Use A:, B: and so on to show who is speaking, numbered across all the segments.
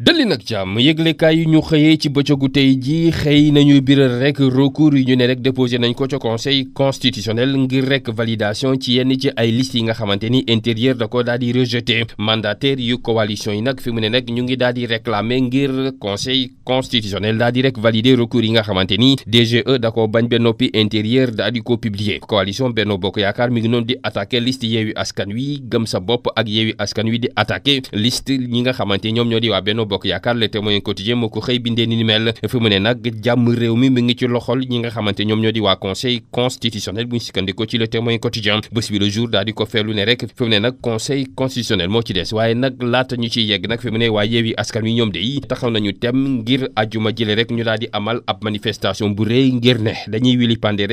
A: dëlli nag jàmm yëglekaay yi ñu xëyee ci bëccëgu tey jii xëy nañu biral rek recours yu ñu ne rek déposé nañ ko ca conseil constitutionnel ngir rek validation ci yenn ci ay liste yi nga xamante ni intérieur da ko daal di rejeté mandataire yu coalition yi nag fi mu ne nag ñu ngi daal di réclamer ngir conseil constitutionnel daal di rek valider recours yi nga xamante ni DGE da ko bañ ba noppi intérieur daal di ko publier coalition Benno Bokk Yaakaar mi ngi noonu di attaqué liste Yewwi Askan Wi gëm bopp ak Yewwi Askan Wi di attaqué liste ñi nga xamante ñoom ñoo bokk yaakaar le témoin quotidien moo ko xëy bindee ni mel fi mu ne nag jàmm réew mi mi ngi ci loxol ñi nga xamante ñoom ñoo di waa conseil constitutionnel bu ñu sikkandikoo ci le quotidien bés bi le jour daal ko feelu ne rek fi mu ne nag conseil constitutionnel moo ci des waaye nag laata ñu ciy yegg nag fi mu ne waa yeewi askan wi ñoom de taxaw nañu tem ngir ajuma jële rek ñu daal amal ab manifestation bu rëy ngir ne dañuy wili pande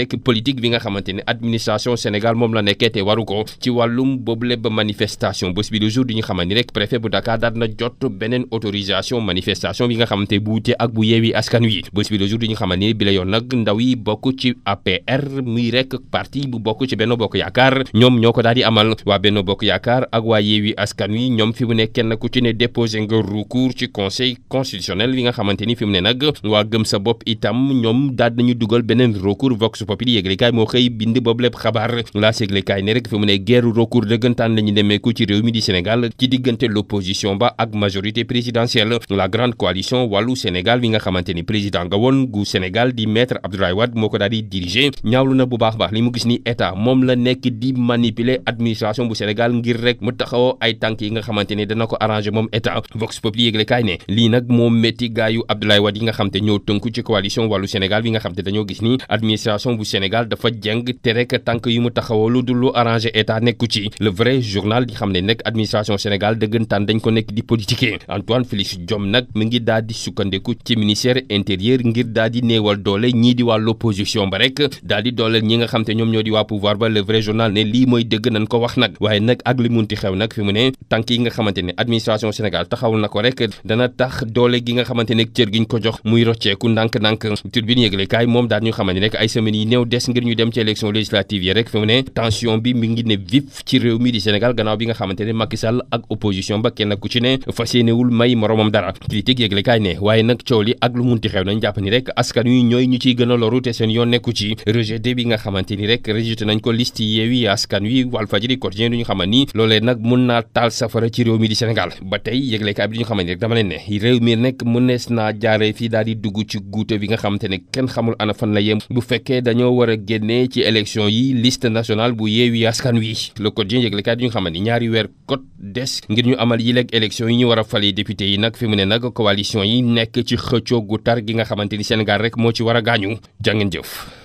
A: mobilisation manifestation bi nga xamante bu ak bu yeewi askan wi bés bi le jour di ñu xamal ni bi nag ndaw yi bokk ci APR muy rek parti bu bokk ci benn bokk yaakaar ñoom ñoo ko daal di amal waa benn bokk yaakaar ak waa yeewi askan wi ñoom fi mu ne kenn ku ci ne déposé nga recours ci conseil constitutionnel bi nga xamante ni fi mu ne nag waa gëm sa bopp itam ñoom daal nañu dugal beneen recours vox populi yéglekaay moo xëy bind boobu lépp xabaar laa officielle la grande coalition wàllu Sénégal bi nga xamante ni président nga woon gu Sénégal di maître Abdoulaye Wade moo ko daal di diriger ñaawlu na bu baax baax li mu gis ni état moom la nekk di manipuler administration bu Sénégal ngir rek mu taxawoo ay tànk yi nga xamante ni dana ko arranger moom état Vox Populi yégle kaay ne lii nag moo métti gaayu Abdoulaye yi nga xam te ñoo tënku ci coalition wàllu Sénégal bi nga xam te dañoo gis ni administration bu Sénégal dafa jeng te rek tànk yu mu taxawoo lu dul lu état nekku ci le vrai journal di xam ne nekk administration Sénégal dëggantaan dañ ko nekk Boris Diom nag mi ngi daal di sukkandiku ci ministère intérieur ngir daal di néewal doole ñii di waa l'opposition ba rek daal di dooleel ñi nga xam ñoom ñoo di waa pouvoir ba le journal ne lii mooy dëgg nañ ko wax nag waaye nag ak li xew nag fi mu ne tànk yi nga xamante ne administration Sénégal taxawul na ko rek dana tax doole gi nga xamante ne cër gi ñu ko jox muy rocceeku ndànk-ndànk turbine yëgle kaay moom daal ñu xamante ñu bi nga xamante ne Macky Sall ak moroomam dara critique yëgle kaay ne waaye nag coow li ak lu munti xew nañ jàpp ni rek askan wi ñooy ñu ciy gën a loru te seen yoon nekku ci rejeté bi nga xamante ni rek rejeté nañ ko liste Yewwi Askan Wi Walfadjri Quotidien du ñu xaman ni a ñaari weer kot des ngir ñu amal yi leeg élection yi ñu war a fali yi nag fi mu ne nag coalition yi nekk ci xëccoo gu tar gi nga xamante ni Sénégal rek moo ci war a gaañu jàngeen jëf